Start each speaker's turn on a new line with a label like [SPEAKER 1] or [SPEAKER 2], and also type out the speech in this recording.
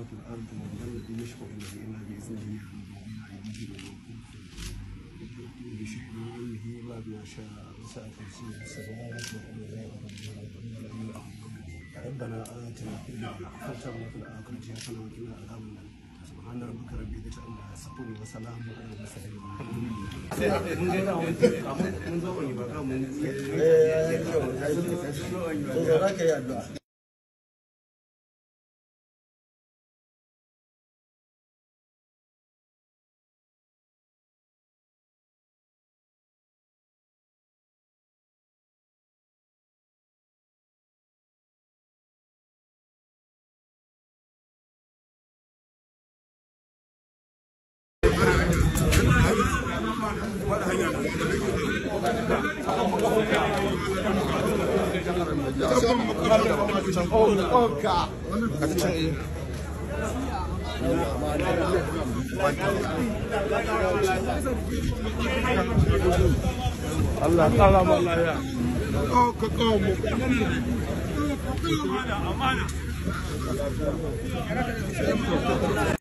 [SPEAKER 1] السماوات والارض وهو الذي يشفع الا باذنه يعلم ما بين ايديهم وما يؤتون بشحن علمه ما يشاء وسع كرسيه السماوات والارض ربنا اتنا في الدنيا حسنه وفي الاخره
[SPEAKER 2] حسنه وقنا عذاب النار سبحان ربك رب العزه عما يصفون وسلام على
[SPEAKER 3] المرسلين.
[SPEAKER 4] الله طلب الله يا